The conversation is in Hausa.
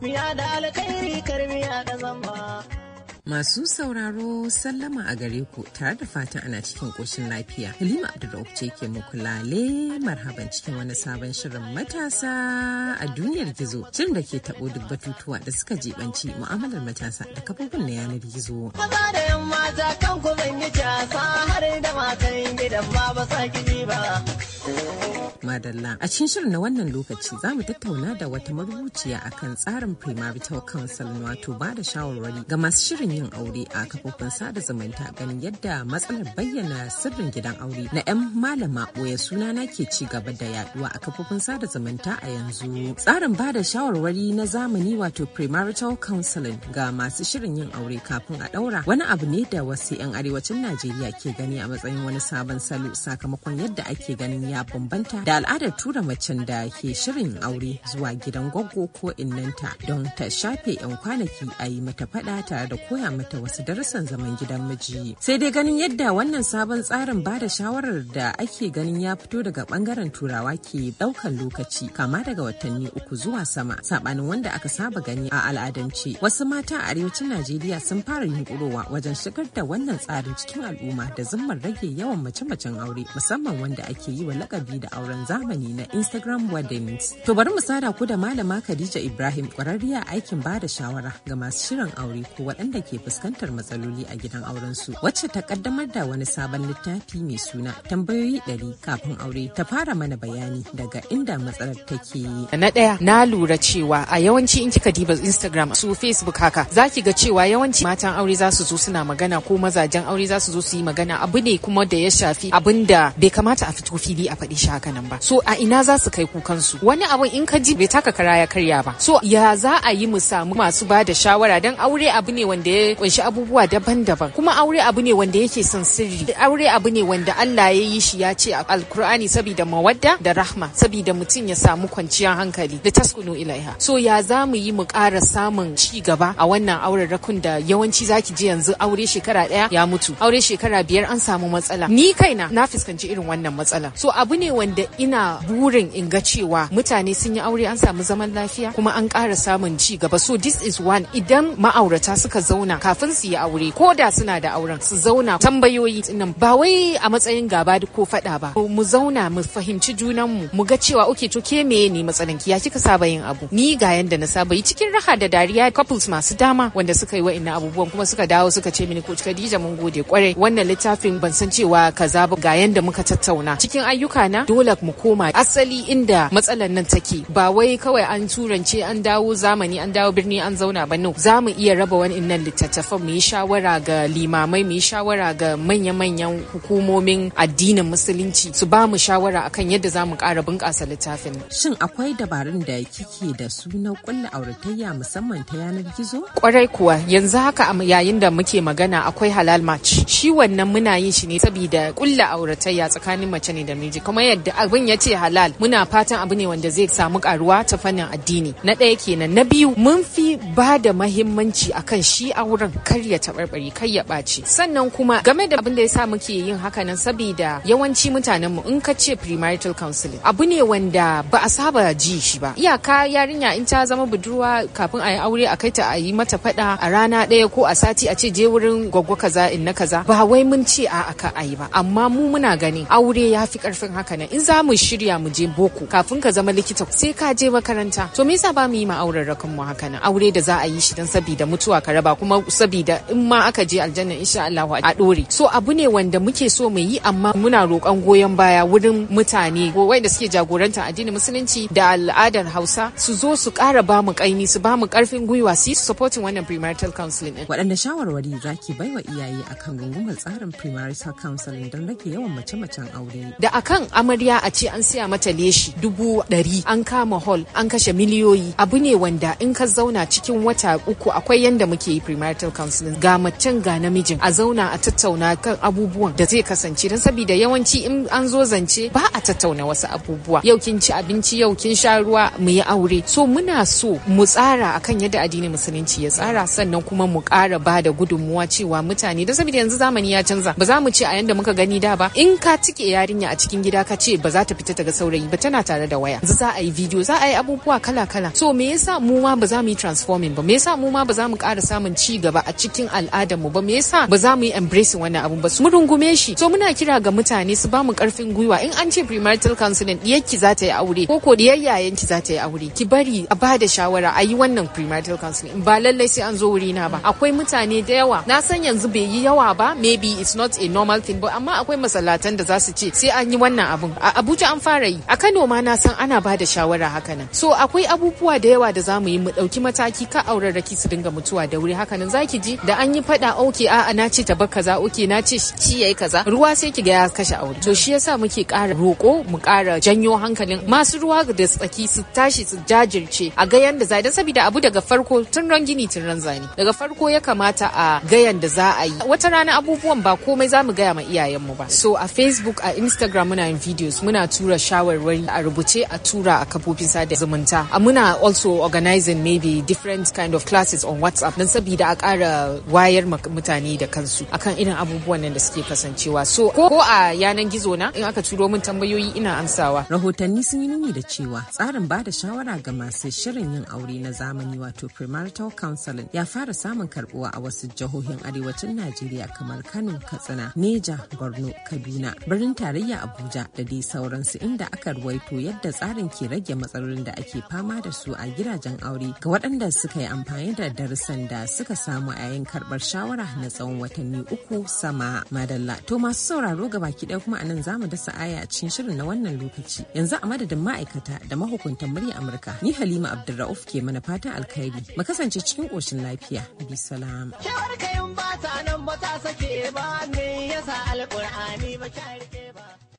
miya da alkhairi da zamba. Masu sauraro sallama a gare ku tare da fatan ana cikin ƙoshin lafiya. Halima Abdulrahman ce ke muku lale marhaban cikin wani sabon shirin matasa a duniyar gizo. Shirin da ke taɓo duk batutuwa da suka jibanci mu'amalar matasa da kafofin na yanar gizo. Maza da yamma ta kan ku yi har da matan gidan ba ba sa ba. dalla A cikin shirin na wannan lokaci za mu tattauna da wata marubuciya akan tsarin premarital counseling wato ba da shawarwari ga masu shirin yin aure a kafofin sada zumunta ganin yadda matsalar bayyana sirrin gidan aure na 'yan malama suna na ke ci gaba da yaduwa a kafofin sada zumunta a yanzu. Tsarin ba da shawarwari na zamani wato premarital counseling ga masu shirin yin aure kafin a ɗaura wani abu ne da wasu 'yan arewacin Najeriya ke gani a matsayin wani sabon salo sakamakon yadda ake ganin ya bambanta da al'ada al'adar tura macen da ke shirin aure zuwa gidan goggo ko innanta don ta shafe 'yan kwanaki a yi mata fada tare da koya mata wasu darussan zaman gidan miji. Sai dai ganin yadda wannan sabon tsarin ba da shawarar da ake ganin ya fito daga bangaren turawa ke daukan lokaci kama daga watanni uku zuwa sama sabanin wanda aka saba gani a al'adance. Wasu mata a arewacin Najeriya sun fara yunkurowa wajen shigar da wannan tsarin cikin al'umma da zimmar rage yawan mace-macen aure musamman wanda ake yi wa lakabi da auren zamani. zamani na Instagram weddings. To bari mu sada ku da malama Khadija Ibrahim kwararriya aikin ba da shawara ga masu shirin aure ko waɗanda ke fuskantar matsaloli a gidan aurensu wacce ta kaddamar da wani sabon littafi mai suna tambayoyi ɗari kafin aure ta fara mana bayani daga inda matsalar take. Na ɗaya na lura cewa a yawanci in kika diba Instagram su Facebook haka za ki ga cewa yawanci matan aure za su zo suna magana ko mazajen aure za su zo su yi magana abu ne kuma da ya shafi abin da bai kamata a fito fili a faɗi shi haka nan ba. So a ina za su kai kukansu wani abu in ka ji bai taka kara ya karya ba so ya za a yi mu samu masu ba da shawara dan aure abu ne wanda ya kunshi abubuwa daban-daban kuma aure abu ne wanda yake son sirri aure abu ne wanda Allah ya yi shi ya ce a alkur'ani saboda mawadda da rahma saboda mutum ya samu kwanciyar hankali da taskunu ilaiha so ya za mu yi mu ƙara samun ci gaba a wannan rakun da yawanci zaki ji yanzu aure shekara ɗaya ya mutu aure shekara biyar an samu matsala ni kaina na fuskanci irin wannan matsala so abu ne wanda ina ina burin in ga cewa mutane sun yi aure an samu zaman lafiya kuma an ƙara samun ci gaba so this is one idan ma'aurata suka zauna kafin su yi aure ko da suna da auren su zauna tambayoyi nan ba wai a matsayin gaba ko faɗa ba mu zauna mu fahimci junanmu mu ga cewa oke to ke meye ne matsalanki ya kika saba yin abu ni ga yanda na saba yi cikin raha da dariya couples masu dama wanda suka yi wa'annan abubuwan kuma suka dawo suka ce mini ko Khadija mun gode kwarai wannan littafin ban san cewa kaza ba ga yanda muka tattauna cikin ayyuka na dole mu ko koma asali inda matsalar nan take ba wai kawai an turance an dawo zamani an dawo birni an zauna ba no za mu iya raba wani nan littattafan mu yi shawara ga limamai mu yi shawara ga manya-manyan hukumomin addinin musulunci su ba mu shawara akan yadda za mu ƙara bunƙasa littafin shin akwai dabarun da kike da su na auratayya musamman ta yanar gizo kwarai kuwa yanzu haka yayin da muke magana akwai halal match shi wannan muna yin shi ne saboda ƙulla auratayya tsakanin mace ne da miji kuma yadda abin ya ce halal muna fatan abu ne wanda zai samu karuwa ta fannin addini na ɗaya kenan na biyu mun fi ba da mahimmanci akan shi a wurin karya ya taɓarɓari kar ya ɓaci sannan kuma game da abin da ya sa muke yin haka nan saboda yawanci mutanen mu in ka ce premarital counseling abu ne wanda ba a saba ji shi ba iyaka yarinya in ta zama budurwa kafin a yi aure a kai ta a yi mata faɗa a rana ɗaya ko a sati a ce je wurin gwaggwa kaza in na kaza ba wai mun ce a aka a yi ba amma mu muna gani aure ya fi ƙarfin haka nan in za mu shirya mu je boko kafin ka zama likita sai ka je makaranta to me yasa ba mu yi rakan mu haka nan aure da za a yi shi dan sabida mutuwa ka raba kuma sabida in ma aka je aljanna insha Allah a dore so abu ne wanda muke so mu yi amma muna roƙon goyon baya wurin mutane wanda suke jagoranta addinin musulunci da al'adar Hausa su zo su ƙara ba mu su ba mu ƙarfin gwiwa su yi supporting wannan premarital counseling din waɗanne shawarwari zaki wa iyaye akan gungumar tsarin premarital counseling don rage yawan mace-macen aure da akan amarya a ce an siya mata leshi dubu ɗari an kama hall an kashe miliyoyi abu ne wanda in ka zauna cikin wata uku akwai yanda muke yi premarital counseling ga macen ga namijin a zauna a tattauna kan abubuwan da zai kasance don saboda yawanci in an zo zance ba a tattauna wasu abubuwa yau kin ci abinci yau kin sha ruwa mu yi aure so muna so mu tsara akan yadda addinin musulunci ya tsara sannan kuma mu ƙara ba da gudunmuwa cewa mutane don saboda yanzu zamani ya canza ba za mu ce a yanda muka gani da ba in ka tike yarinya a cikin gida ka ce ba za ta fita fita daga saurayi ba tana tare da waya yanzu za a yi video za a yi abubuwa kala kala so me yasa mu ma ba za mu yi transforming ba me yasa mu ma ba za mu ƙara samun ci gaba a cikin al'adar mu ba me yasa ba za mu yi embracing wannan abun ba su mu rungume shi so muna kira ga mutane su ba mu karfin gwiwa in an ce premarital counseling diyarki za ta yi aure ko ko diyar yayanki za ta yi aure ki bari a ba da shawara a yi wannan premarital counseling ba lallai sai an zo wuri na ba akwai mutane da yawa na san yanzu bai yi yawa ba maybe it's not a normal thing ba amma akwai masallatan da za su ce sai an yi wannan abun a Abuja an an fara yi a Kano ma na san ana ba da shawara hakanan. so akwai abubuwa da yawa da zamu yi mu dauki mataki ka auren raki su dinga mutuwa da wuri haka zaki ji da an yi fada oke a na ce ta bar kaza oke na ce ci yayi kaza ruwa sai ki ga ya kashe aure to shi yasa muke ƙara roko mu ƙara janyo hankalin masu ruwa da tsaki su tashi su jajirce a ga yanda za dan saboda abu daga farko tun ran gini tun ran zani daga farko ya kamata a ga yanda za a yi wata rana abubuwan ba komai zamu gaya ma iyayen mu ba so a facebook a instagram muna yin videos muna tura tura shawarwari a rubuce a tura a kafofin sada zumunta a muna also organizing maybe different kind of classes on whatsapp don sabida a ƙara wayar mutane da kansu akan irin abubuwan nan da suke kasancewa so ko a yanan gizo na in aka turo min tambayoyi ina amsawa rahotanni sun yi nuni da cewa tsarin ba da shawara ga masu shirin yin aure na zamani wato premarital counseling ya fara samun karbuwa a wasu jihohin arewacin najeriya kamar kano katsina neja borno kaduna birnin tarayya abuja da dai sauransu inda aka ruwaito yadda tsarin ke rage matsalolin da ake fama da su a gidajen aure ga waɗanda suka yi amfani da darussan da suka samu a yayin karɓar shawara na tsawon watanni uku sama madalla to masu sauraro ga baki ɗaya kuma a nan zamu dasa aya a cikin shirin na wannan lokaci yanzu a madadin ma'aikata da mahukuntan murya amurka ni halima abdulrauf ke mana fatan alkhairi mu kasance cikin koshin lafiya bi salam ba ta nan ba ta sake ba me yasa alƙur'ani ba ki